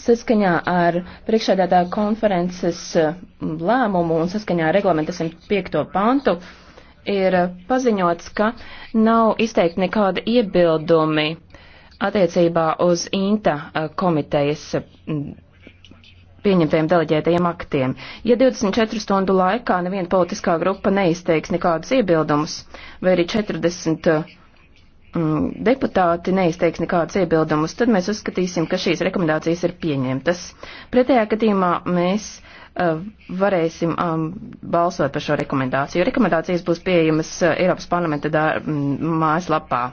Saskaņā ar priekšādātāju konferences mm, lēmumu un saskaņā ar reglamenta 105. pantu ir paziņots, ka nav izteikti nekādi iebildumi attiecībā uz INTA eh, komitejas mm, pieņemtajiem deleģētajiem aktiem. Ja 24 stundu laikā neviena politiskā grupa neizteiks nekādus iebildumus vai arī 40 Mm, deputāti neizteiks nekādus iebildumus, tad mēs uzskatīsim, ka šīs rekomendācijas ir pieņemtas. Pretējā gadījumā mēs uh, varēsim um, balsot par šo rekomendāciju. Rekomendācijas būs pieejamas uh, Eiropas parlamenta mm, mājaslapā.